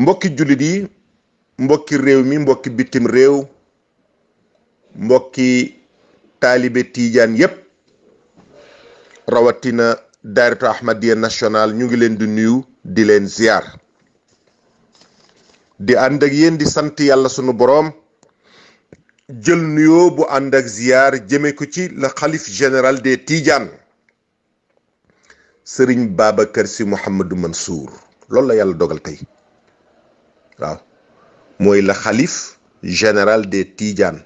mbokki jullit yi mbokki réew mi mbokki bitim réew mbokki taalibe tiijaan yépp rawatina dairatu ahmadiya national ñu ngi leen di nuyu di leen ziar di ànd ak di sant yàlla sunu borom jël nuyoo bu ànd ak ziar ko ci la xalif général des tiijaan sëriñ Babacar Sy Mouhamadou Mansour loolu la yàlla dogal tey waaw mooy la xalif général de Tidjane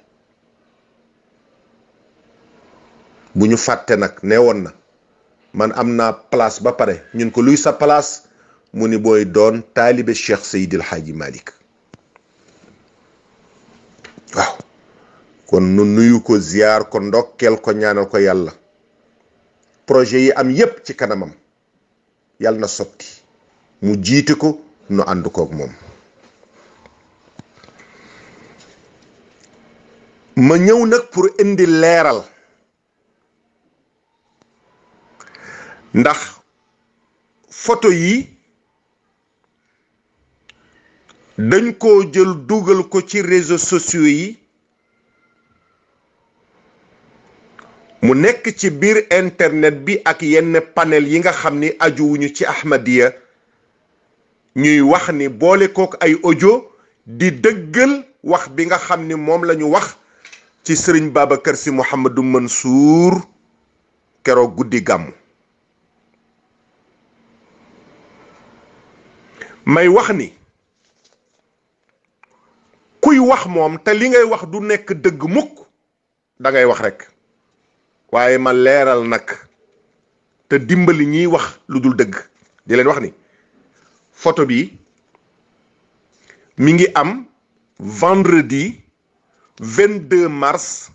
bu ñu fàtte nag ne woon na man am naa place ba pare ñun ko luy sa place mu ni booy doon taalibe Cheikh Seydil Hadji Malick waaw kon nu nuyu ko ziyaar ko ndokkeel ko ñaanal ko yàlla projet yi am yépp ci kanamam yàlla na sotti mu jiite ko nu ànd kook moom ma ñëw nag pour indi leeral ndax photo yi dañ ko jël dugal ko ci réseaux sociaux yi mu nekk ci biir internet bi ak yenn panel yi nga xam ni ajuwuñu ci Ahmadiyya ñuy wax ni boole kook ay ojo di dëggal wax bi nga xam ni moom lañu wax ci sëriñ Babacar si mën Mansour keroog guddi gàmmu may wax ni kuy wax moom te li ngay wax du nekk dëgg mukk dangay wax rekk waaye ma leeral nag te dimbali ñuy wax lu dul dëgg di leen wax ni foto bi mi ngi am vendredi 22 mars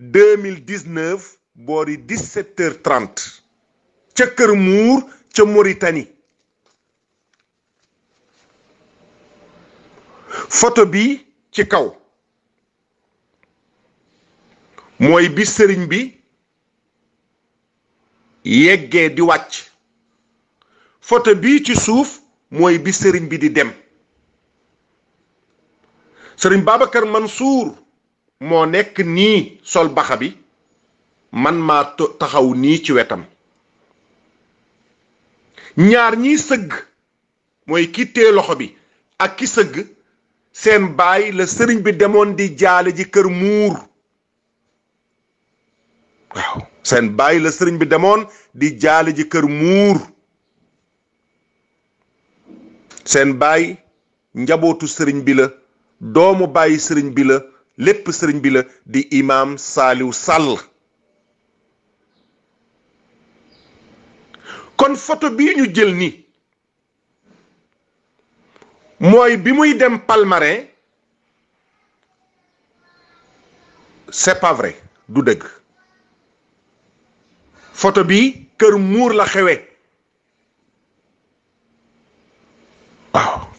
2019 boori 17h30 ca Kër Muur ca Mauritanie photo bi ci kaw mooy bi sëriñ bi yeggee di wàcc photo bi ci suuf mooy bi sëriñ bi di dem sëriñ Babacar suur moo nekk nii sol baxa bi man maa taxaw nii ci wetam ñaar ñiy sëgg mooy ki loxo bi ak ki sëgg seen baay seen baay la sëriñ bi demoon di jaale ji kër muur seen baay njabootu sëriñ bi la doomu bàyyi sëriñ bi la lépp sëriñ bi la di imaam saaliw sàll kon foto bii ñu jël ni mooy bi muy dem Palmarin c'est pas du dëgg foto bi kër muur la xewe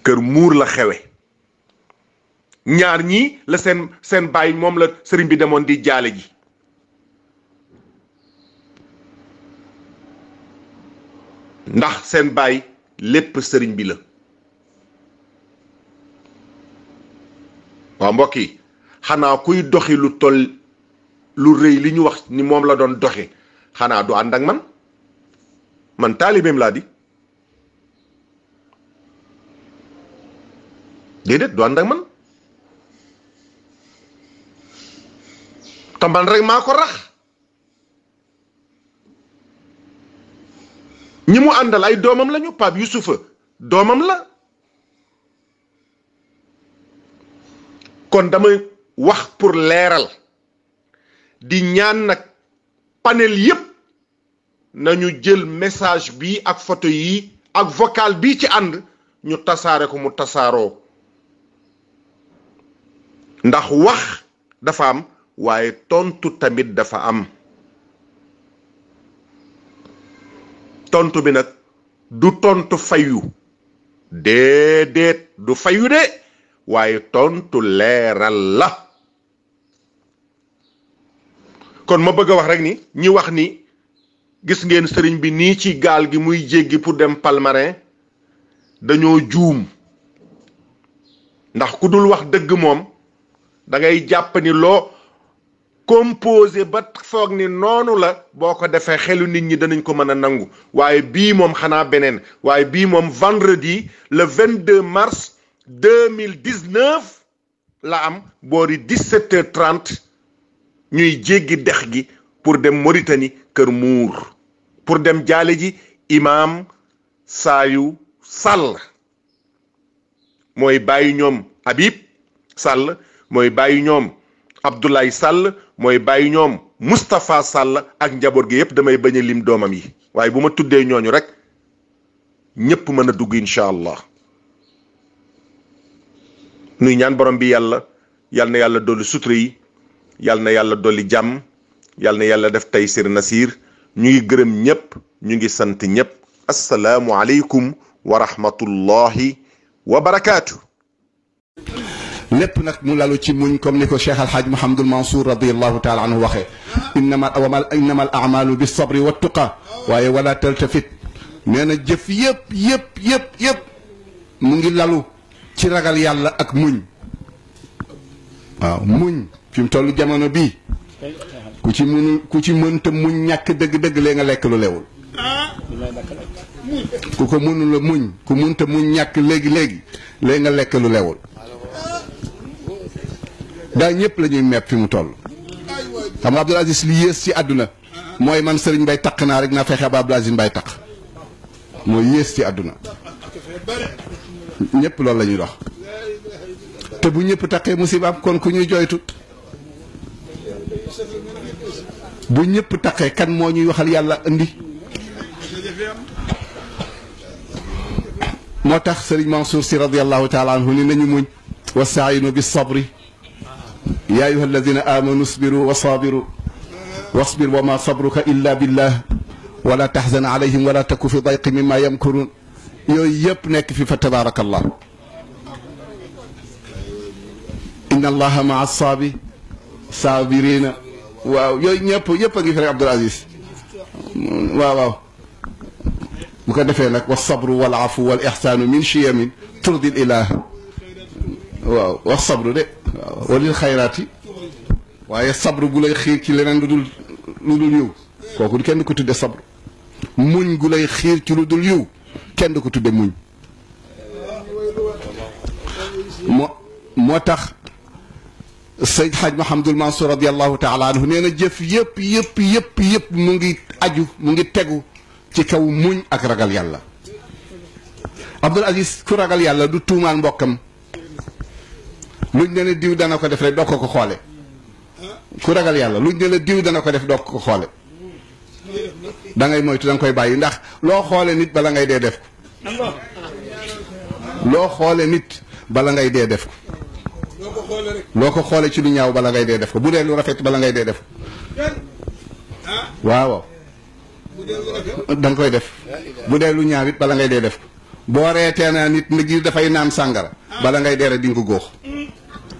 kër muur la xewe ñaar ñii la seen seen baay moom la sëriñ bi demoon di jaale ji ndax seen baay lépp sëriñ bi la waa mbokk yi xanaa kuy doxi lu toll lu rëy li ñu wax ni moom la doon doxi xanaa du ànd ak man man taalibeem laa di déedéet du ànd ak man te rek maa ko rax ñi mu àndal ay doomam lañu Pape Youssoufa doomam la kon damay wax pour leeral di ñaan nag panel yépp nañu jël message bi ak photo yi ak vocal bi ci ànd ñu tasaare ko mu tasaaroo ndax wax dafa am waaye tontu tamit dafa am tontu bi nag du tontu fayu déedéet du fayu de waaye tontu leeral la kon ma bëgg a wax rek ni ñi wax ni gis ngeen sëriñ bi nii ci gaal gi muy jéggi pour dem Palmarin dañoo juum ndax ku dul wax dëgg moom da ngay jàpp ni loo composé ba foog ni noonu la boo ko defee xelu nit ñi danañ ko mën a nangu waaye bii moom xanaa beneen waaye bii moom vendredi le 22 mars 2019 la am boori 17h30 ñuy jéggi dex gi pour dem Mauritanie Kër Muur pour dem jaale ji imaam Saayu Sàll mooy bàyyi ñoom Habib Sàll mooy bàyyi ñoom. Abdoulaye sàll mooy bàyyi ñoom Moustapha Sall ak njaboot gi yëpp damay bañ a lim doomam yi waaye bu ma tuddee ñooñu rek ñëpp mën a dugg incha allah nuy ñaan borom bi yàlla yal na yàlla dolli sutura yi yal na yàlla dolli jàmm yal yàlla def taysir nasir ñu ngi gërëm ñëpp ñu ngi sant ñëpp asalaamualeykum wa rahmatullahi wa lépp nag mu lalu ci muñ comme ni ko cheikh alhaaj mouhamadul mansour radiallahu taala anhu waxee innama wamal innama al amalu bi sabri wa tuqa waaye wala taltafit nee na jëf yëpp yëpp yëpp yëpp mu ngi lalu ci ragal yàlla ak muñ waaw muñ fi mu toll jamono bii ku ci mënul ku ci mënta muñ ñàkk dëgg-dëgg lee nga lekk lu lewul ku ko mënula muñ ku mënta muñ ñàkk léegi-léegi lee nga lekk lu lewul daa ñëpp la ñuy mepp fi mu toll. xam nga Aziz li yées ci àdduna mooy man sëriñ bay takk naa rek naa fexe ba Abdoul Aziz Mbaye takk mooy yées ci àdduna ñëpp loolu lañuy dox te bu ñëpp takkee musiba am kon ku ñuy jooytu bu ñëpp takkee kan moo ñuy waxal yàlla indi moo tax sëriñ Mansour si radiyallahu taala anhu ni nañu muñ wasaayinu bi sabri yaa ayuha alladina amanu sbiru wa sabiru wasbir wa ma sabruka illa billah wala taxzan alayhim wala taku fi dayqi mimma yamkurun yooyu yëpp nekk fi fa tabaarakallah inna allaha maa saabi saabirina waaw yooyu ñëpp yëpp a ngi fi rek Abdul Aziz waaw waaw bu ko defee nag wa sabru wal afu wal ixsaanu min chiyamin turdil ilaah waaw wa sabru de waaw walil xayraat yi waaye sabru gu lay ci leneen lu dul lu dul yiw kooku du kenn ko tudde sabru muñ gulay lay xiir ci lu dul yiw kenn du ko tudde muñ moo tax Seyd Xaj Mahamadul Mansour radiallahu taala anhu nee na jëf yëpp yëpp yëpp yëpp mu ngi aju mu ngi tegu ci kaw muñ ak ragal yàlla Abdul Aziz ku ragal yàlla du tuumaal mbokkam luñ ne la diw dana ko def doo ko ko xoole ku ragal yàlla luñ ne la dana ko def doo ko ko xoole da ngay moytu da nga koy bàyyi ndax loo xoole nit bala ngay dee def loo xoole nit bala ngay dee def ko ko xoole ci lu ñaaw bala ngay dee def ko bu dee lu rafet bala ngay dee def ko waaw da nga koy def bu dee lu ñaaw it bala ngay dee def ko boo reetee naa nit nit yi dafay naan sàngara bala ngay dee rek di nga ko góox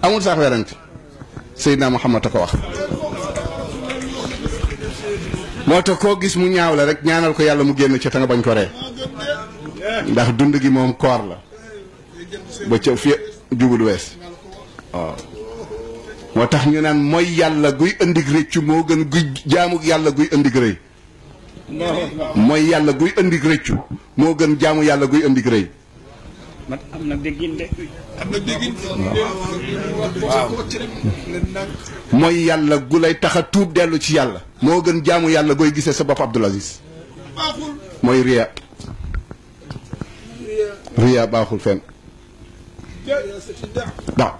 amul sax werante Seydina Muhammad a ko wax moo tax koo gis mu ñaaw la rek ñaanal ko yàlla mu génn ca te nga bañ ko ree ndax dund gi moom koor la ba ca fi jubul wees waaw moo tax ñu naan mooy yàlla guy indi rëccu moo gën guy jaamu yàlla guy indi rëy mooy yàlla guy indi rëccu moo gën jaamu yàlla guy indi rëy am na déggin de. am na déggin mooy yàlla gu lay tax tuub dellu ci yàlla. moo gën jaamu yàlla gooy gisee sa bopp Abdoul Aziz. baaxul mooy Riya. Riya baaxul fenn. waaw.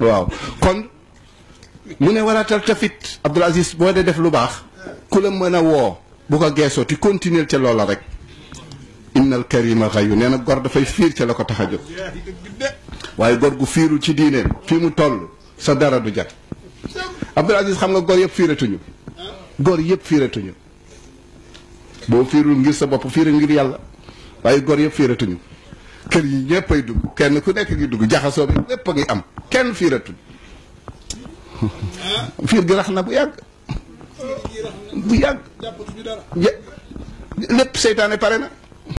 waaw kon. mu ne waraatal tafit Abdoul Aziz boo dee def lu baax. ku la mën a woo. bu ko geesoo ti continuer ci loola rek. innal karima xayu nee na gor dafay fiir ca la ko tax a jóg waaye gor gu fiiru ci diineem fii mu toll sa dara du jag Abdul Aziz xam nga gor yëpp fiiratuñu gor yëpp fiiratuñu boo fiirul ngir sa bopp fiira ngir yàlla waaye gor yëpp fiiratuñu kër yi ñëpp ay dugg kenn ku nekk ngi dugg jaxasoo bi lépp a ngi am kenn fiiratuñ ah. fiir gi rax na bu yàgg bu yàgg lépp seytaane pare na